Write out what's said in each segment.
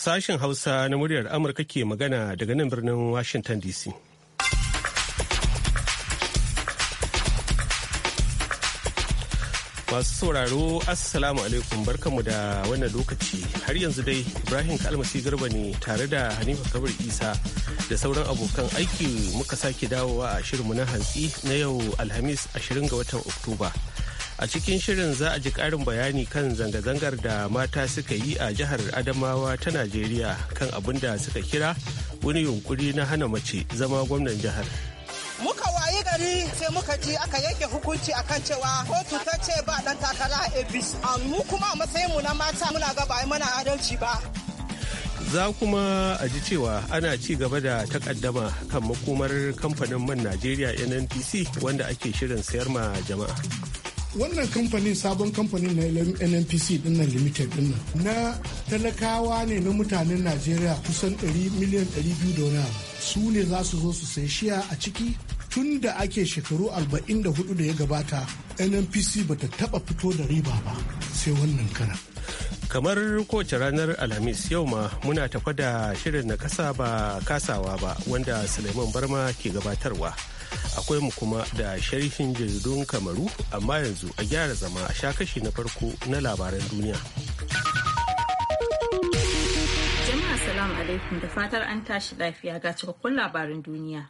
Sashen Hausa na muryar Amurka ke magana daga nan birnin Washington DC. Masu sauraro Assalamu alaikum barkanmu da wannan lokaci har yanzu dai Ibrahim Kalmasi Garba ne tare da Hanifa Kabir Isa da sauran abokan aiki muka sake dawowa a shirinmu na hantsi na yau Alhamis 20 ga watan Oktoba. a cikin shirin za a ji karin bayani kan zanga-zangar da mata suka yi a jihar adamawa ta najeriya kan abin da suka kira wani yunkuri na hana mace zama gwamnan jihar muka wayi gari sai muka ji aka yanke hukunci akan cewa kotu ta ce ba dan takara a abis mu kuma a matsayinmu na mata muna ga mana adalci ba za kuma a ji cewa ana ci gaba da takaddama kan makomar kamfanin man najeriya nnpc wanda ake shirin sayar ma jama'a wannan kamfanin sabon kamfanin na nnpc din limited din na talakawa ne na mutanen najeriya kusan 100 miliyan 200 da su ne za su zo su sai shiya a ciki tun da ake shekaru 44 da ya gabata nnpc ba ta taba fito da riba ba sai wannan kana kamar kowace ranar alhamis yau ma muna tafa da shirin na kasa ba kasawa ba wanda suleiman barma ke gabatarwa akwai mu kuma da sharhin jaridun kamaru amma yanzu a gyara zama a sha kashi na farko na labaran duniya jama'a salamu alaikum da fatar an tashi lafiya ga cikakkun labaran duniya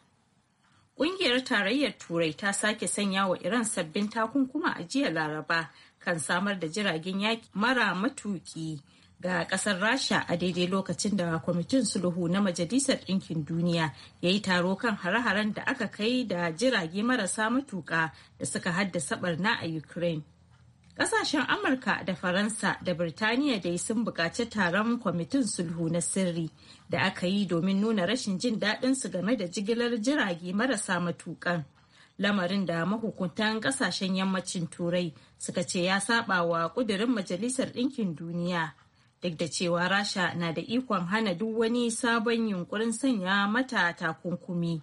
Ƙungiyar Tarayyar Turai ta sake sanya wa Iran sabbin takunkuma a jiya Laraba kan samar da jiragen yaƙi mara matuƙi ga kasar rasha a daidai lokacin da kwamitin sulhu na majalisar ɗinkin duniya ya yi taro kan hare-haren da aka kai da jirage marasa matuƙa da suka haddasa barna a ukraine Ƙasashen Amurka da Faransa da Birtaniya dai sun buƙaci taron kwamitin sulhu na sirri da aka yi domin nuna rashin jin daɗin su game da jigilar jirage marasa matuƙan. Lamarin da mahukuntan ƙasashen yammacin Turai suka ce ya saba wa ƙudurin Majalisar Ɗinkin Duniya. duk da cewa rasha na da ikon hana duk wani sabon yunkurin sanya mata takunkumi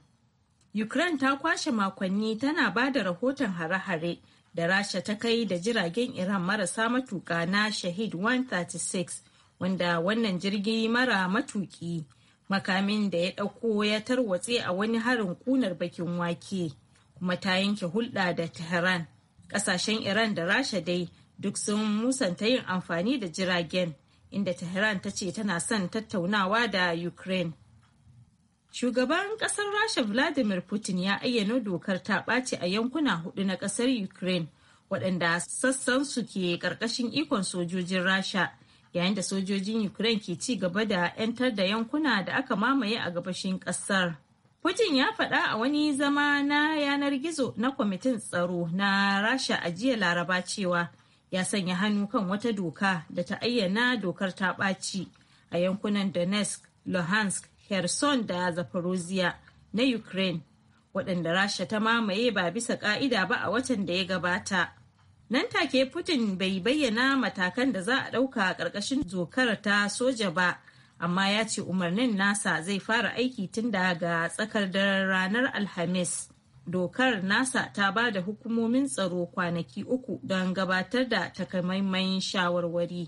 ukraine ta kwashe makonni tana ba da rahoton hare-hare da rasha ta kai da jiragen iran marasa matuka na shahid 136 wanda wannan jirgi mara matuki makamin da ya ɗauko ya tarwatse a wani harin kunar bakin wake kuma ta yanke hulɗa da tehran ƙasashen iran da rasha dai duk sun musanta yin amfani da jiragen inda Tehran ta ce tana son tattaunawa da Ukraine. Shugaban kasar Rasha Vladimir Putin ya ayyana dokar ta ɓaci a yankuna hudu na kasar Ukraine waɗanda sassan su ke ƙarƙashin ikon sojojin Rasha yayin da sojojin Ukraine ke ci gaba da 'yantar da yankuna da aka mamaye a gabashin ƙasar. Putin ya faɗa a wani zama na yanar gizo na kwamitin tsaro na Rasha a jiya Laraba cewa ya sanya hannu kan wata doka da ta ayyana dokar ta ɓaci a yankunan Donetsk, Luhansk, Kherson da Zaporozhye na Ukraine waɗanda Rasha ta mamaye ba bisa ƙa'ida ba a watan da ya gabata. Nan take Putin bai bayyana matakan da za a ɗauka a ƙarƙashin dokar ta soja ba, amma ya ce umarnin nasa zai fara aiki tun daga tsakar daren ranar Alhamis. dokar nasa ta ba da hukumomin tsaro kwanaki uku don gabatar da takamaiman shawarwari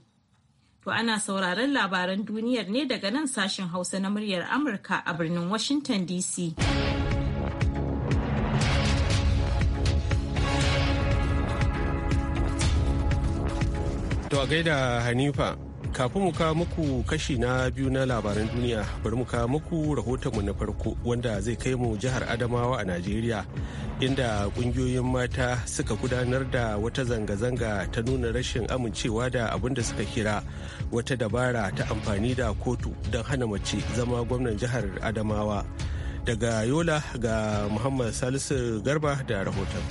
to ana sauraron labaran duniyar ne daga nan sashen hausa na muryar amurka a birnin washington dc to a gaida hanifa kafin mu kawo muku kashi na biyu na labaran duniya bari mu kawo muku rahotonmu na farko wanda zai kai mu jihar adamawa a najeriya inda kungiyoyin mata suka gudanar da wata zanga-zanga ta nuna rashin amincewa da abin da suka kira wata dabara ta amfani da kotu don hana mace zama gwamnan jihar adamawa daga yola ga muhammad salisu garba da rahoton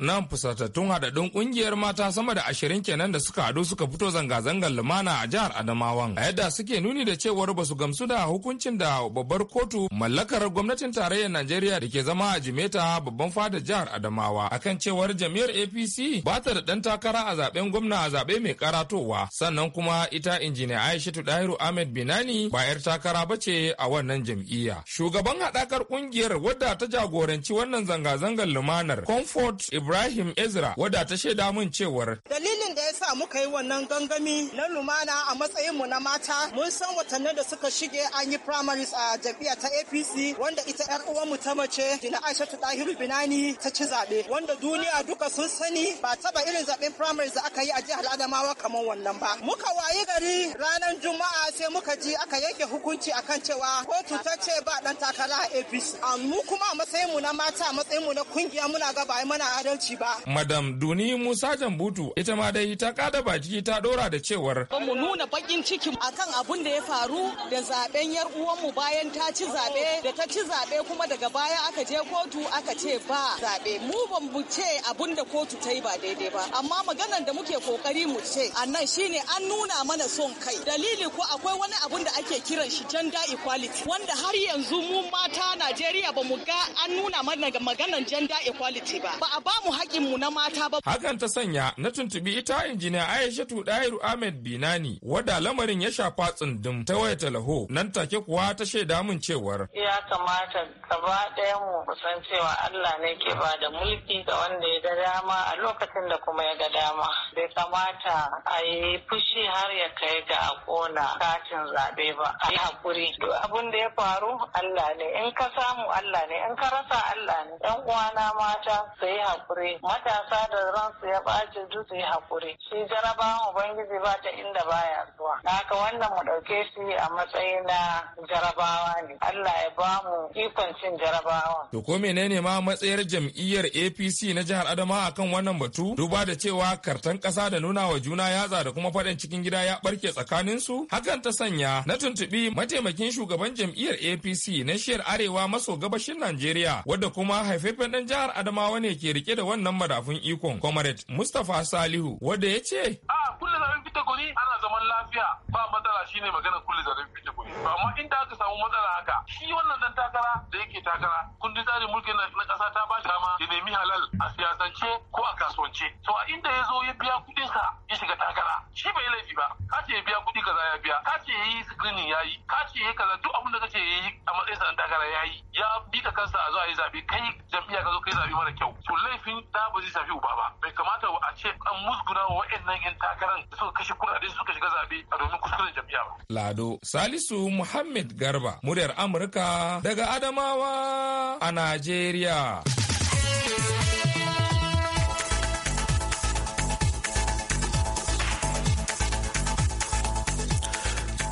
nan fusatattun haɗaɗɗun ƙungiyar mata sama da ashirin kenan da suka haɗu suka fito zanga-zangar lumana a jihar Adamawa. a yadda suke nuni da cewar basu gamsu da hukuncin da babbar kotu mallakar gwamnatin tarayyar najeriya da ke zama a jimeta babban fadar jihar adamawa akan cewar jam'iyyar apc ba ta da ɗan takara a zaben gwamna a zaɓe mai karatowa sannan kuma ita injiniya aishatu dahiru ahmed binani ba 'yar takara ba ce a wannan jam'iyya shugaban haɗakar ƙungiyar wadda ta jagoranci wannan zanga-zangar lumanar comfort ibrahim Ibrahim Ezra wadda ta shaida min cewar. Dalilin da ya sa muka yi wannan gangami na lumana a matsayin mu na mata mun san watannin da suka shige an yi primaries a jam'iyyar ta APC wanda ita 'yar uwanmu ta mace Dina Aishatu Dahiru Binani ta ci zaɓe wanda duniya duka sun sani ba taba irin zaɓen primaries da aka yi a jihar Adamawa kamar wannan ba. Muka wayi gari ranar Juma'a sai muka ji aka yanke hukunci akan cewa kotu ta ce ba dan takara a APC. Mu kuma a matsayinmu na mata a mu na kungiya muna ga gaba mana adalci ba. Madam Duni Musa Jambutu ita ma dai ta kada baki ta dora da cewar. Ba mu nuna bakin cikin akan abun da ya faru da zaben yar uwanmu bayan ta ci zabe da ta ci zabe kuma daga baya aka je kotu aka ce ba zabe. Mu ban mu ce abun da kotu ta yi ba daidai ba amma maganar da muke kokari mu ce annan shine an nuna mana son kai. Dalili ko akwai wani abun da ake kiran shi gender equality wanda har yanzu mu mata Najeriya ba mu ga an nuna mana maganar gender equality ba. Ba a ba mu na mata ba. Hakan ta sanya na tuntubi ita injiniya aisha Tudairu Ahmed Binani wadda lamarin ya shafa tsundum ta waya laho nan take kuwa ta shaida mun cewar. Ya kamata gaba ɗaya mu san cewa Allah ne ke ba da mulki ga wanda ya ga dama a lokacin da kuma ya ga dama. Bai kamata a yi fushi har ya kai ga a ƙona katin zaɓe ba. A yi haƙuri. abin da ya faru Allah ne. In ka samu Allah ne. In ka rasa Allah ne. ‘Yan uwana mata su yi haƙuri. hakuri matasa da ransu ya ɓaci duk su yi hakuri. shi jarabawan ubangiji ba ta inda baya zuwa haka wannan mu ɗauke shi a matsayin na jarabawa ne Allah ya ba mu ikon cin jarabawa. To ko menene ma matsayar jam'iyyar APC na jihar Adamawa akan wannan batu duba da cewa kartan ƙasa da nuna wa juna yatsa da kuma faɗin cikin gida ya ɓarke tsakaninsu hakan ta sanya na tuntuɓi mataimakin shugaban jam'iyyar APC na shiyar arewa maso gabashin Najeriya wadda kuma haifafen ɗan jihar Adamawa ne ke rike da da wannan madafun ikon comrade mustapha salihu wanda ya ce a ah, kulle fita guri ana zaman lafiya ba matsala shine magana kulle zaben fita guri amma inda aka samu matsala haka shi wannan dan takara da yake takara kundin tsarin mulkin na kasa ta ba shi dama ya nemi halal a siyasance ko a kasuwance to a inda ya zo ya biya kudin ka ya shiga takara shi bai laifi ba ka ce ya biya kudi kaza ya biya ka ce yayi screening yayi ka ce yayi kaza duk abin da kace yayi a matsayin sa dan takara yayi ya bi da kansa a zo a yi zabe kai jamia ka zo kai zabe mara kyau to laifi sun da ba zai shafi uba ba bai kamata a ce an musguna wa waɗannan yan takarar da suka kashe kuɗaɗe suka shiga zaɓe a domin kuskuren jam'iyya ba. Lado Salisu Muhammad Garba muryar Amurka daga Adamawa a Najeriya.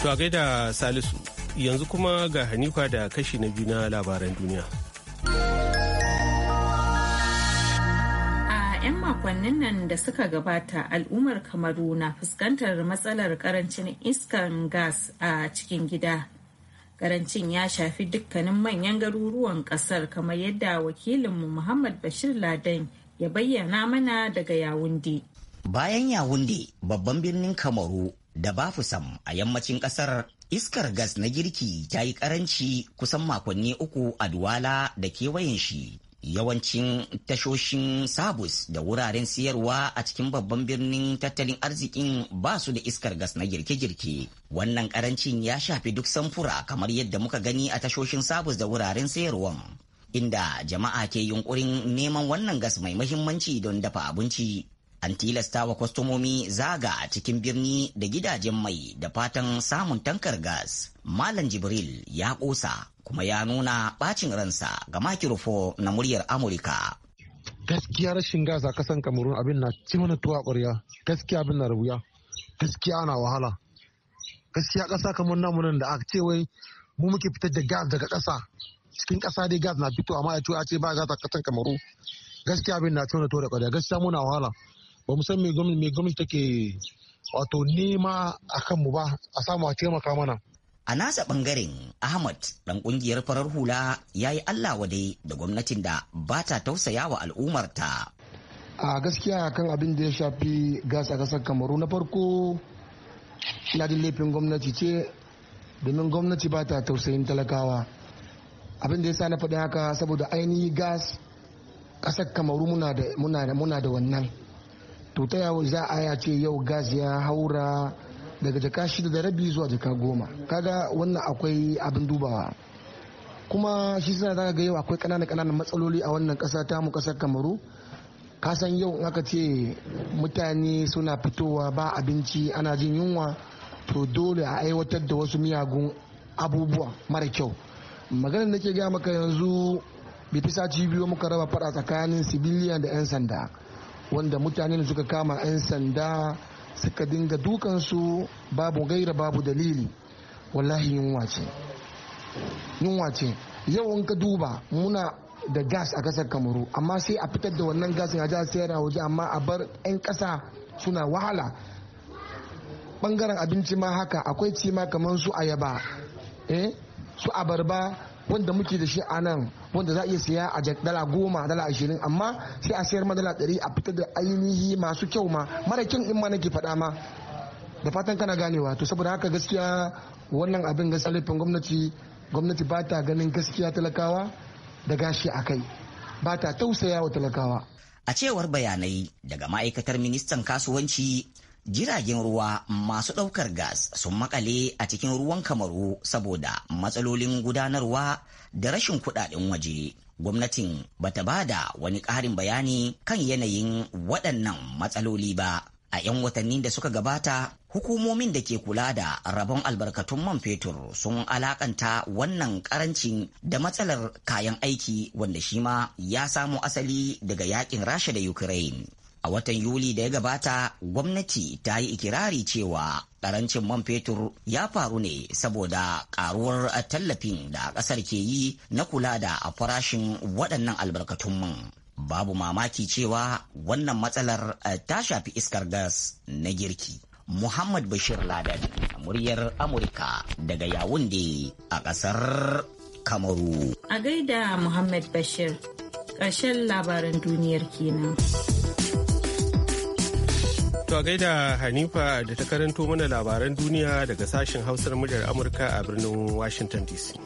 To a gaida Salisu yanzu kuma ga Hanifa da kashi na biyu na labaran duniya. 'yan makonnin nan da suka gabata al'ummar kamaru na fuskantar matsalar karancin iskan gas a cikin gida karancin ya shafi dukkanin manyan garuruwan kasar kamar yadda wakilinmu muhammad bashir laden ya bayyana mana daga yawundi bayan yawundi babban birnin kamaru da bafusam a yammacin kasar iskar gas na girki ta yi karanci kusan makonni uku a duwala da kewayen shi yawancin tashoshin sabus da wuraren siyarwa a cikin babban birnin tattalin arzikin ba su da iskar gas na girke-girke wannan karancin ya shafi duk samfura kamar yadda muka gani a tashoshin sabus da wuraren sayarwan inda jama'a ke yunkurin neman wannan gas mai mahimmanci don dafa abinci an tilasta wa kwastomomi zaga a cikin birni da gidajen mai da fatan samun tankar gas malam jibril ya kosa kuma ya nuna bacin ransa ga makirufo na muryar Amurka. Gaskiya rashin gas a kasan Kamerun abin na ci mana tuwa ƙwarya, gaskiya abin na rabuya, gaskiya ana wahala. Gaskiya ƙasa kamar namu nan da aka ce wai mu muke fitar da gas daga ƙasa. Cikin ƙasa dai gas na fito amma ya ce ce ba gas a kasan Kamaru. Gaskiya abin na ci mana tuwa da ƙwarya, gaskiya muna wahala. Ba mu san me gwamnati take wato nema a kanmu ba a samu a taimaka mana. A nasa ɓangaren Ahmad ɗan ƙungiyar farar hula ya yi Allah wadai da gwamnatin da ba ta tausaya wa al'ummarta. A gaskiya kan abin da ya shafi gas a ƙasar Kamaru na farko na da laifin gwamnati ce domin gwamnati ba ta tausayin talakawa. Abin da ya sa na faɗi haka saboda ainihi gas ƙasar Kamaru muna da wannan. To ta yawo za a ya ce yau gas ya haura daga jaka shida da rabi zuwa jaka goma kaga wannan akwai abin dubawa kuma shi suna za ga yau akwai kananan kananan matsaloli a wannan kasa ta mu kasar kamaru kasan yau in aka ce mutane suna fitowa ba abinci ana jin yunwa to dole a aiwatar da wasu miyagun abubuwa mara kyau maganar da ke gaya maka yanzu bai fi biyu muka raba fada tsakanin civilian da 'yan sanda wanda mutane da suka kama 'yan sanda suka dinga dukansu babu gaira babu dalili wallahi yunwa ce yunwa ce yau ka duba muna da gas a kasar kamaru amma sai a fitar da wannan gas a jihar sayar a waje amma a bar 'yan kasa suna wahala ɓangaren abinci ma haka akwai cima kamar su ayaba eh su abarba wanda muke da shi a nan wanda za a iya siya a dala goma dala ashirin amma sai a sayar ma dala ɗari a fitar da ainihi masu kyau ma mara kyan in ma nake faɗa ma da fatan kana ganewa to saboda haka gaskiya wannan abin gaskiya laifin gwamnati gwamnati ba ta ganin gaskiya talakawa da gashi a kai ba ta tausaya wa talakawa a cewar bayanai daga ma'aikatar ministan kasuwanci jiragen ruwa masu ɗaukar gas sun makale a cikin ruwan kamaru saboda matsalolin gudanarwa da rashin kuɗaɗen waje gwamnatin bata ba da wani ƙarin bayani kan yanayin waɗannan matsaloli ba a 'yan watanni da suka gabata hukumomin da ke kula da rabon albarkatun man fetur sun alakanta wannan karancin da matsalar kayan aiki wanda shima ya samo asali daga yakin rasha da ukraine A watan Yuli da ya gabata, gwamnati ta yi ikirari cewa ƙarancin man fetur ya faru ne saboda ƙaruwar tallafin da ƙasar ke yi na kula da a farashin waɗannan albarkatun man. Babu mamaki cewa wannan matsalar eh, ta shafi iskar gas na girki. Muhammad Bashir Laden, muryar Amurka daga Yawunde a ƙasar Kamaru. A gaida Muhammad Bashir, ƙarshen labaran duniyar kenan. To gaida Hanifa da ta karanto mana labaran duniya daga sashen hausar muryar Amurka a birnin Washington DC.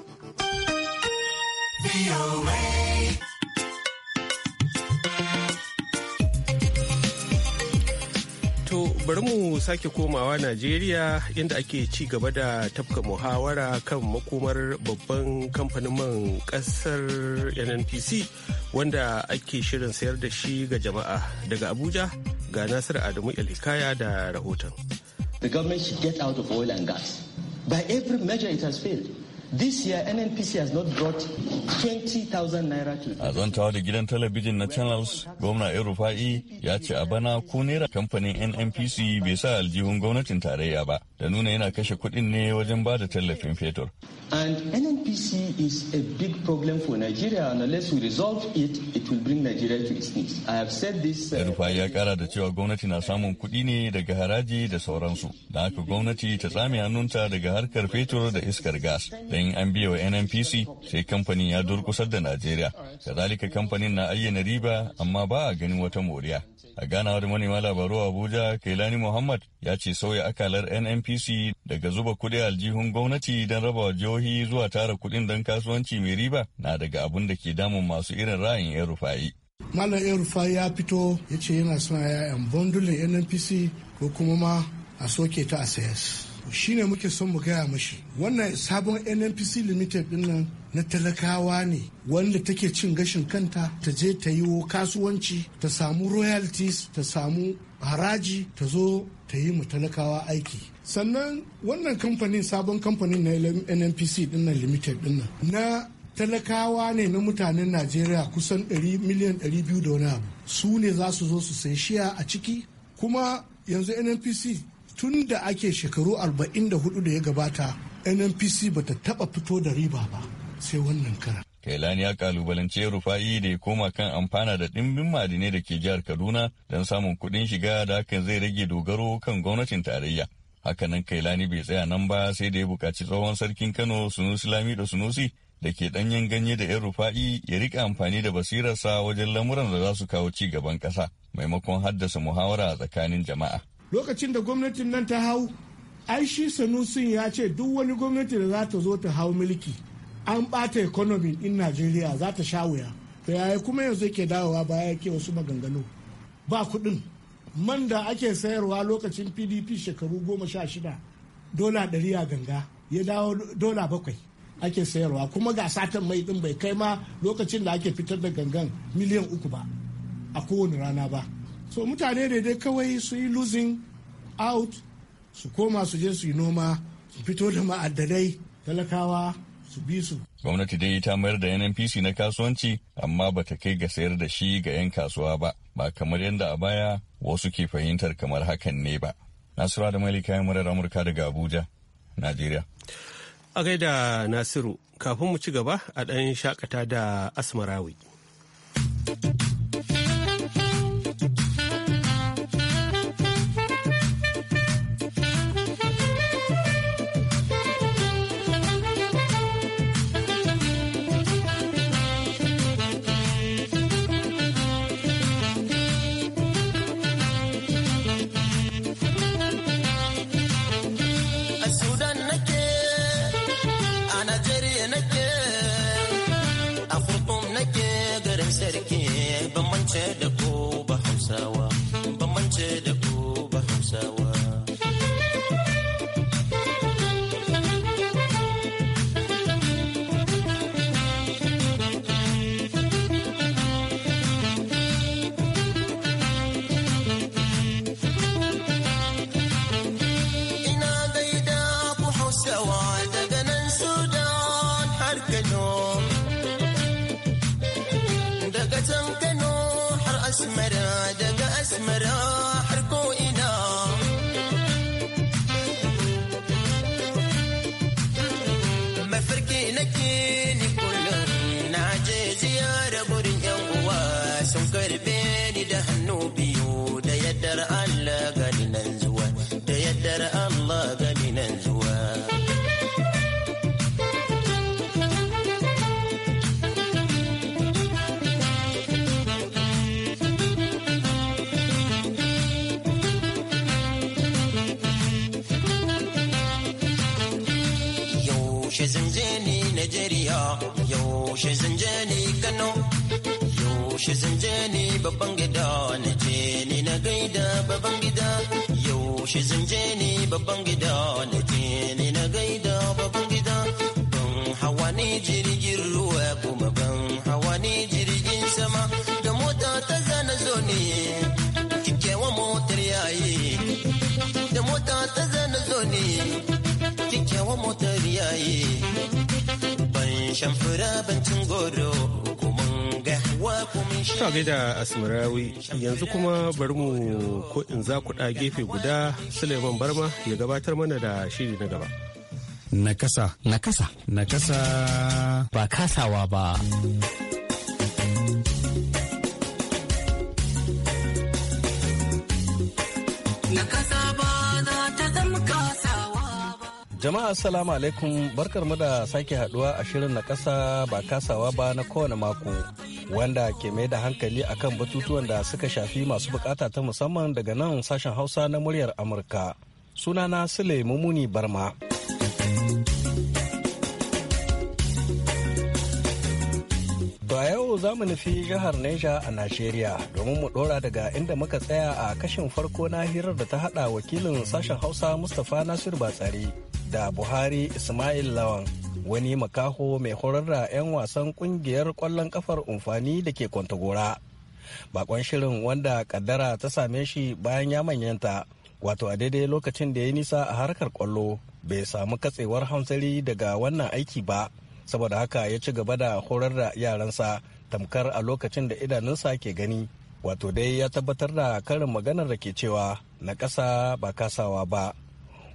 bari mu sake komawa najeriya inda ake ci gaba da tafka muhawara kan makomar babban kamfanin man kasar nnpc wanda ake shirin sayar da shi ga jama'a daga abuja ga nasiru adamu ilhikaya da rahoton the government should get out of oil and gas by every measure it has failed This year, NNPC has not brought 20,000 naira to A zantawa da gidan talabijin na Channels, gwamna Erufa'i ya ce a bana ko naira kamfanin NNPC bai sa aljihun gwamnatin tarayya ba, da nuna yana kashe kuɗin ne wajen ba da tallafin fetur. And NNPC is a big problem for Nigeria and unless we resolve it, it will bring Nigeria to its knees. I have said this. Uh, Erufa'i ya kara da cewa gwamnati na samun kuɗi ne daga haraji da sauransu. Da haka gwamnati ta tsame hannunta daga harkar fetur da iskar gas. Don bayan an biya wa nnpc sai kamfanin ya durkusar da najeriya kazalika kamfanin na ayyana riba amma ba a ganin wata moriya a ganawa da manema labaru a abuja kailani muhammad ya ce sauya akalar nnpc daga zuba kudi aljihun gwamnati don raba jihohi zuwa tara kuɗin don kasuwanci mai riba na daga abun da ke damun masu irin ra'ayin yan rufa'i malam yan rufa'i ya fito ya ce yana son yayan bundulin nnpc ko kuma ma a soke ta a sayas shine muke son mu gaya mashi wannan sabon nnpc limited din nan na talakawa ne wanda take cin gashin kanta ta je ta yi kasuwanci ta samu royalties ta samu haraji ta zo ta yi mu talakawa aiki sannan wannan kamfanin sabon kamfanin na nnpc din nan limited din nan na talakawa ne na mutanen najeriya kusan miliyan 200 da wani abu su ne za su zo su sai shiya a ciki kuma yanzu nnpc tun da ake shekaru 44 da ya gabata nnpc bata ta taba fito da riba ba sai wannan karan kailani ya kalubalance rufa'i da ya koma kan amfana da dimbin ma'adinai da ke jihar kaduna don samun kudin shiga da hakan zai rage dogaro kan gwamnatin tarayya hakanan kailani bai tsaya nan ba sai da ya buƙaci tsohon sarkin kano sunusi da sunusi da ke ɗanyen ganye da 'yan rufa'i ya rika amfani da basirarsa wajen lamuran da za su kawo ci gaban ƙasa maimakon haddasa muhawara a tsakanin jama'a lokacin da gwamnatin nan ta hau ai shi sanusin ya ce duk wani gwamnati da za ta zo ta hau mulki an bata economy in najeriya za ta sha wuya to yaya kuma yanzu ke dawowa ya ke wasu maganganu ba kuɗin man da ake sayarwa lokacin pdp shekaru goma sha shida dola ɗari a ganga ya dawo dola bakwai ake sayarwa kuma ga satan mai ɗin bai kai ma lokacin da ake fitar da gangan miliyan uku ba a kowane rana ba so mutane da dai kawai su yi losing out su koma su je su yi noma su fito da ma'adanai talakawa su bi su gwamnati dai ta mayar da nnpc na kasuwanci amma ba ta kai ga sayar da shi ga 'yan kasuwa ba ba kamar yadda a baya wasu ke fahimtar kamar hakan ne ba nasura da malika ya murar amurka daga abuja najeriya a gaida nasiru kafin mu ci gaba a ɗan shakata da asmarawi be yaushe zan je ne babban gida na je ne na gaida babban gida yaushe zan je ne babban gida na je ne na gaida babban gida ban hawa ne jirgin ruwa kuma ban hawa ne jirgin sama da mota ta zana zo ne kikewa motar yayi da mota ta zana zo ne kikewa motar yayi ban shan fura ban cin goro Ta gaida Asmarawi yanzu kuma bari mu ko in za ku ɗa gefe guda Suleiman Barma ya gabatar mana da shiri na gaba. Nakasa. Nakasa. Nakasa. Ba kasawa ba. Jama'a assalamu alaikum barkar mu da sake haduwa a shirin na kasa ba kasawa ba na kowane mako wanda ke mai da hankali akan batutuwan da suka shafi masu bukata ta musamman daga nan sashen Hausa na muryar Amurka. Sunana Sule Mumuni Barma. yau za mu nufi jihar Neja a Najeriya domin mu ɗora daga inda muka tsaya a kashin farko na hirar da ta haɗa wakilin sashen Hausa Mustapha Nasiru Batsari da Buhari Ismail Lawan wani makaho mai horar da 'yan wasan kungiyar kwallon kafar umfani da ke Kwantagora. Bakon shirin wanda kaddara ta same shi bayan ya manyanta wato a daidai lokacin da ya nisa a harkar kwallo bai samu katsewar hanzari daga wannan aiki ba. saboda haka ya ci gaba da horar da yaransa tamkar a lokacin da idanunsa ke gani wato dai ya tabbatar da karin maganar da ke cewa na ƙasa ba kasawa ba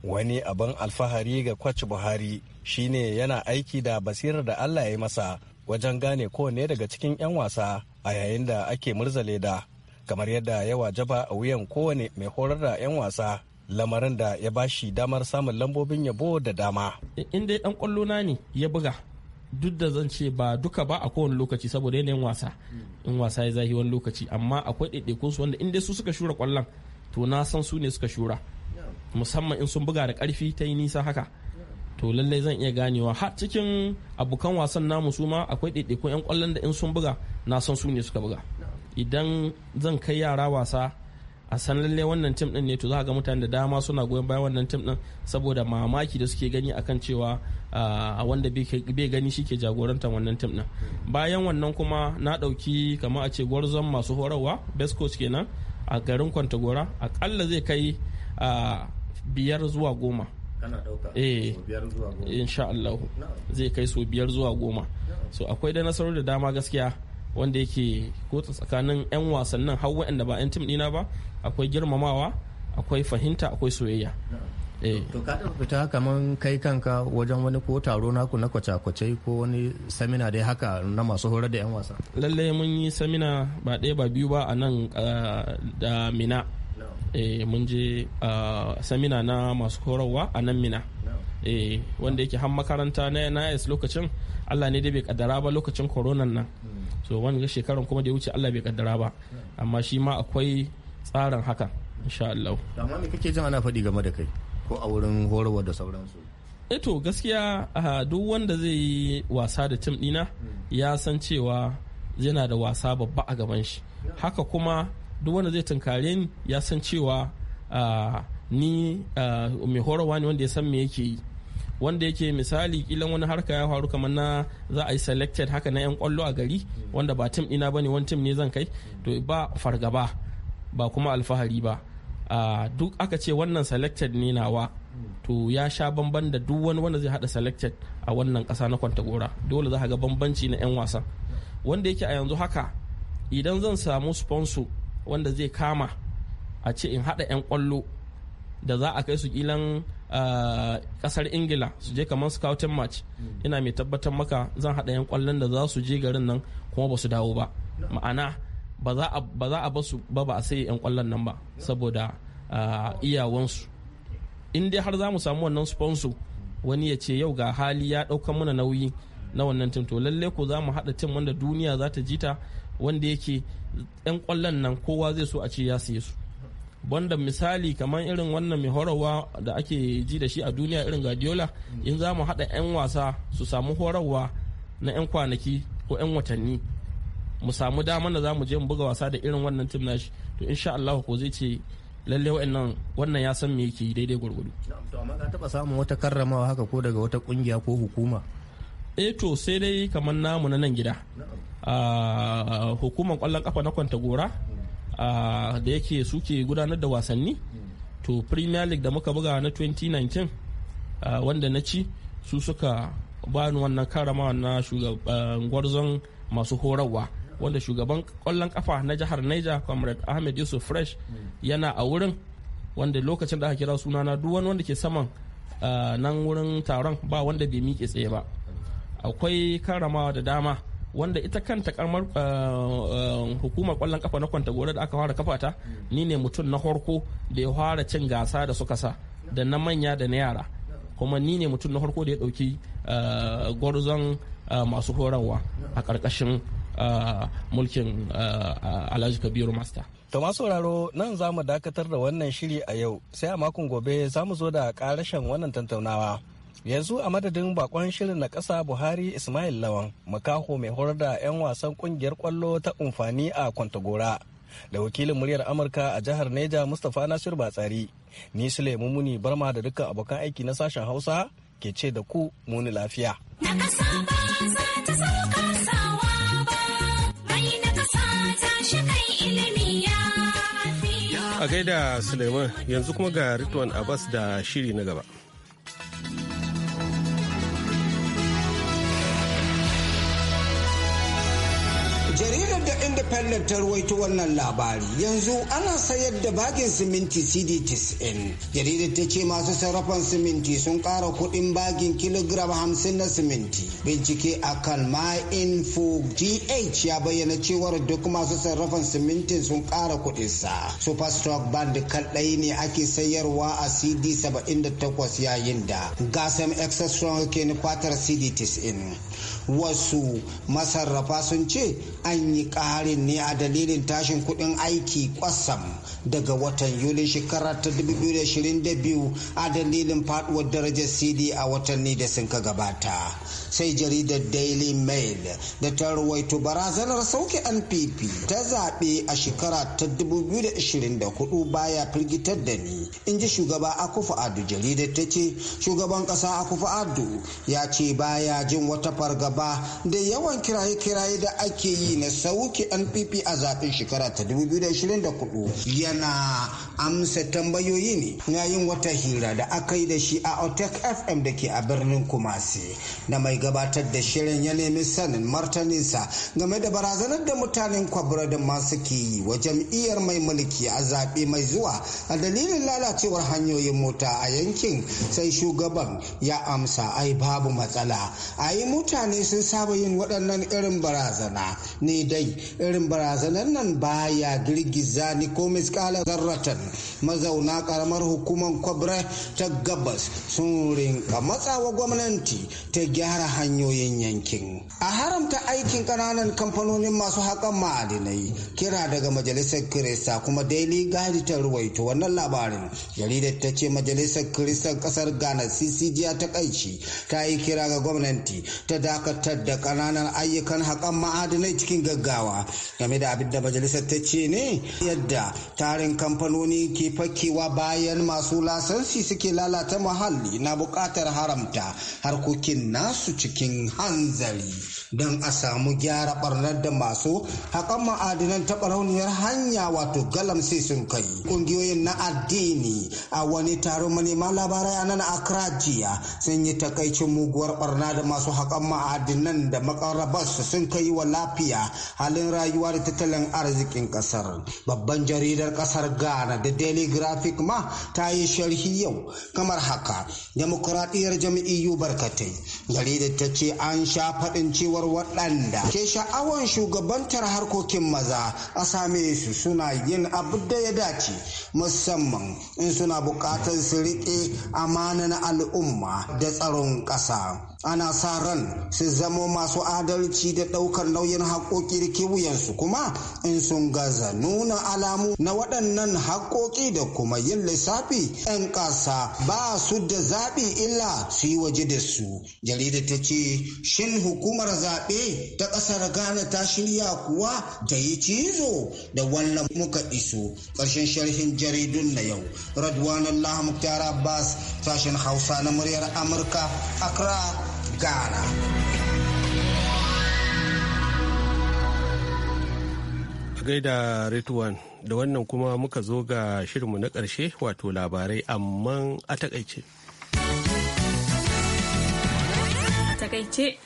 wani abin alfahari ga kwaci buhari shine yana aiki da basirar da allah ya masa wajen gane kowane daga cikin 'yan wasa a yayin da ake murzale da kamar yadda ya wajaba a wuyan kowane mai horar da 'yan wasa lamarin da ya bashi damar samun lambobin yabo da dama. In dai ɗan ƙwallo na ne ya buga duk da zan ce ba duka ba a kowane lokaci saboda yanayin wasa in wasa ya zahi wani lokaci amma akwai ɗaiɗaikun su wanda in dai su suka shura kwallon to na san su ne suka shura musamman in sun buga da ƙarfi ta yi nisa haka to lallai zan iya ganewa har cikin abokan wasan namu su ma akwai ɗaiɗaikun 'yan kwallon da in sun buga na san su ne suka buga idan zan kai yara wasa a san lalle wannan tim din ne to za ga mutane da dama suna goyon bayan wannan tim din saboda mamaki da suke gani akan cewa a wanda bai gani shi ke jagorantar wannan tim din bayan wannan kuma na ɗauki kamar a ce gwarzon masu horarwa best coach kenan a garin kwantagora akalla zai kai biyar zuwa goma eh insha Allah zai kai so biyar zuwa goma so akwai da nasarar da dama gaskiya wanda yake ko tsakanin 'yan wasannin har waɗanda ba 'yan tim ɗina ba akwai girmamawa akwai fahimta akwai soyayya eh. Eh. to ka taɓa fita kamar kai kanka wajen wani ko taro naku na kwace-kwace ko wani samina dai haka na masu horar da 'yan wasa lalle mun yi samina ba ɗaya ba biyu ba a nan da mina eh, mun je samina na masu horarwa a nan mina wanda yake har makaranta na nis lokacin allah ne dai bai kaddara ba lokacin koronan nan mm. so wani shekaran kuma da ya wuce allah bai kaddara ba amma shi ma akwai tsarin hakan insha Allah. Amma me kake jin ana faɗi game da kai ko a wurin horarwa da sauransu? Eto eh gaskiya ah, duk wanda zai yi wasa da tim ɗina hmm. ya san cewa yana da wasa babba a gaban shi. Haka kuma duk wanda zai tunkare ni ya san cewa ah, ni ah, mai horarwa ne wanda ya san me yake yi. wanda yake misali kilan wani harka ya faru kamar na za a yi selected haka na 'yan kwallo a gari hmm. wanda ba tim ɗina ba ne wani tim ne zan kai to ba fargaba ba kuma alfahari ba uh, duk aka ce wannan selected ne nawa to ya sha bamban da duk wani wanda zai hada selected a wannan kasa na kwantagora dole za ga bambanci na 'yan wasa wanda yake a yanzu haka idan zan samu sponsor wanda zai kama a ce in hada 'yan kwallo da za a kai su kilan kasar ingila su je kamar scouting match ina mai tabbatar maka zan hada 'yan kwallon da za su je garin nan kuma ba su dawo ba ma'ana ba za a basu ba ba a sai 'yan kwallon nan ba saboda iyawansu in dai har za mu samu wannan sponsor wani ya ce yau ga hali ya ɗauka mana nauyi na wannan tim to lalle ko za mu haɗa tim wanda duniya za ta jita wanda yake 'yan kwallon nan kowa zai so a ce ya siye su banda misali kamar irin wannan mai horarwa da ake ji da shi a duniya irin gadiola in za mu haɗa 'yan wasa su samu horarwa na 'yan kwanaki ko 'yan watanni mu samu damar da za mu je mu buga wasa da irin wannan tim nashi to insha Allah ko zai ce lalle wa'annan wannan ya san me yake daidai gurgudu to amma ka taba samun wata karramawa haka ko daga wata kungiya ko hukuma eh to sai dai kamar namu na nan gida a ah, hukumar kwallon kafa na kwanta gora ah, da yake suke gudanar da wasanni to premier league da muka buga na 2019 ah, wanda na ci su suka bani wannan karamawa na shugaban gwarzon masu horarwa wanda shugaban kwallon kafa na jihar Niger Comrade Ahmed Yusuf Fresh yana a wurin wanda lokacin da aka kira sunana duk wani wanda ke saman nan wurin taron ba wanda bai miƙe tsaye ba akwai karamawa da dama wanda ita kanta karamar hukumar kwallon kafa na kwanta gore da aka fara kafa ni ne mutum na farko da ya fara cin gasa da suka sa da na manya da na yara kuma ni ne mutum na farko da ya ɗauki gwarzon masu horarwa a karkashin Uh, mulkin uh, uh, alhaji kabiru master to masu sauraro nan za mu dakatar da wannan shiri a yau sai a makon gobe za mu zo da karashen wannan tantaunawa yanzu a madadin bakon shirin na ƙasa buhari ismail lawan makaho mai horar da 'yan wasan kungiyar kwallo ta umfani a kwantagora da wakilin muryar amurka a jihar neja mustapha nasir batsari ni sulaimu muni barma da dukkan abokan aiki na sashen hausa ke ce da ku muni lafiya. Na ƙasa ba za ta sauka A gaida Suleiman yanzu kuma ga Ritwan Abbas da shiri na gaba. da independent ta ruwaito wannan labari yanzu ana sayar da bagin siminti cd 90 jaridar ta ce masu sarrafan siminti sun kara kudin bagin kilogram 50 na siminti bincike a kan info gh ya bayyana cewar duk masu sarrafan simintin sun ƙara kuɗinsa superstock band kaɗai ne ake sayarwa a cd 78 yayin da gasam extra strong ke fatar cd 90 wasu masarrafa sun ce an yi ƙarin ne a dalilin tashin kuɗin aiki kwasam daga watan yuli shekarar ta 2022 a dalilin faɗuwar darajar cd a watanni da sun ka gabata sai jaridar daily mail da ta ruwaito barazanar sauke npp ta zaɓe a shekara ta 2024 baya firgitar da ni in ji shugaba akufa adu jaridar ta ce shugaban ƙasa akufa adu ya ce baya jin wata fargaba ba da yawan kiraye-kiraye da ake yi na sauke npp a zaɓen shekara ta 2024 yana amsa tambayoyi ne na yin wata hira da aka yi da shi a otek fm da ke a birnin kumasi da mai gabatar da shirin ya nemi sanin martaninsa game da barazanar da mutanen kwabra masu ke yi wa jam'iyyar mai mulki a zaɓe mai zuwa a dalilin lalacewar hanyoyin mota a yankin sai shugaban ya amsa ai babu matsala a yi mutane sun saba yin waɗannan irin barazana ne dai irin barazanan nan baya girgiza ni ko miskala zarratan mazauna karamar hukumar kwabra ta gabas sun rinka matsawa gwamnati ta gyara hanyoyin yankin a haramta aikin ƙananan kamfanonin masu haƙan ma'adinai kira daga majalisar kirista kuma daily guide ta ruwaito wannan labarin jaridar ta ce majalisar Kirista ƙasar ghana ccg ta kaici ta yi kira ga gwamnati ta dakata zartar da ƙananan ayyukan haƙan ma'adinai cikin gaggawa game da abin da majalisar ta ce ne yadda tarin kamfanoni ke fakewa bayan masu lasansi suke lalata muhalli na buƙatar haramta harkokin nasu cikin hanzari don a samu gyara ɓarnar da masu haƙan ma'adinan taɓarauniyar hanya wato sai sun kai ƙungiyoyin na addini a wani taron manema labarai a nan a sun yi takaicin muguwar ɓarna da masu haƙan ma'adinan nan da su sun kai wa lafiya halin rayuwa da tattalin arzikin kasar babban jaridar kasar ghana da daily graphic ma ta yi sharhi yau kamar haka demokuraɗiyar jam'iyyu barkatai jaridar ta ce an sha faɗin cewar waɗanda ke sha'awar shugabantar harkokin maza a same su suna yin abu da ya dace musamman in suna buƙatar su riƙe amanan al'umma da tsaron ƙasa ana sa ran su zamo masu adalci da ɗaukar nauyin haƙoƙi da ke kuma in sun gaza nuna alamu na waɗannan haƙoƙi da kuma yin lissafi 'yan ƙasa ba su da zaɓi illa su yi waje da su jarida ta ce shin hukumar zaɓe ta ƙasar ghana ta shirya kuwa ta yi cizo da wannan muka iso ƙarshen sharhin jaridun na yau radwanan Muktar abbas sashen hausa na muryar amurka akra. a gaida rituwan da wannan kuma muka zo ga shirinmu na ƙarshe wato labarai amma a takaice. takaice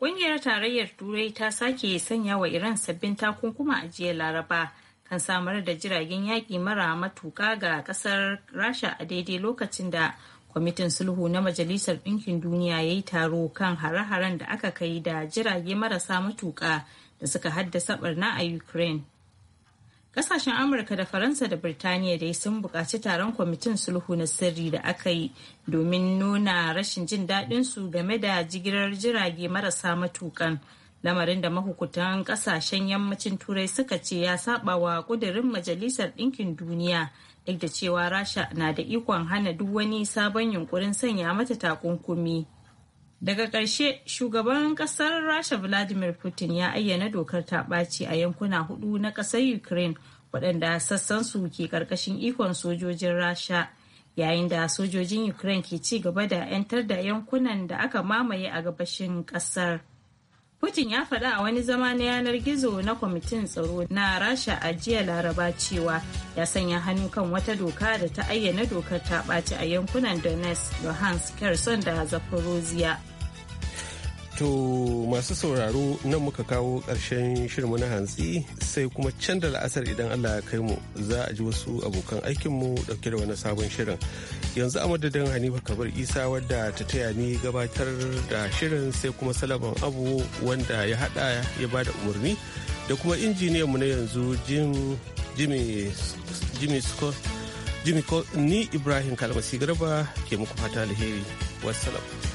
ƙungiyar tarayyar turai ta sake sanya wa iran sabbin takunkuma a jiya laraba kan samar da jiragen yaƙi mara matuka ga ƙasar rasha a daidai lokacin da kwamitin sulhu na majalisar ɗinkin duniya ya yi taro kan hare-haren da aka kai da jirage marasa matuƙa da suka haddasa barna a ukraine kasashen amurka da faransa da birtaniya dai sun buƙaci taron kwamitin sulhu na sirri da aka yi domin nuna rashin jin daɗin su game da jigilar jirage marasa matuƙan lamarin da mahukutan ƙasashen yammacin turai suka ce ya saba wa ƙudurin majalisar ɗinkin duniya duk da cewa rasha na da ikon hana duk wani sabon yunkurin sanya mata takunkumi daga ƙarshe shugaban ƙasar rasha vladimir putin ya ayyana dokar ta ɓaci a yankuna hudu na ƙasar ukraine waɗanda sassan su ke ƙarƙashin ikon sojojin rasha yayin da sojojin ukraine ke ci gaba da 'yantar da yankunan da aka mamaye a gabashin ƙasar Putin ya faɗa a wani zama na yanar gizo na kwamitin tsaro na Rasha a jiya Laraba cewa ya sanya hannu kan wata doka da ta ayyana dokar ta ɓaci a yankunan Donetsk, Luhansk, Kherson da Zaporozhye To masu sauraro nan muka kawo ƙarshen shirmu na hantsi sai kuma can da la'asar idan Allah ya kai mu za a ji wasu abokan aikinmu ɗauke da wani sabon shirin. Yanzu a madadin Hanifa Kabar Isa wadda ta taya ni gabatar da shirin sai kuma Salaman Abu wanda ya haɗa ya ba da umarni da kuma injiniyanmu na yanzu Jimmy Scott. ni Ibrahim Kalmasi Garba ke muku fata alheri. Wassalam.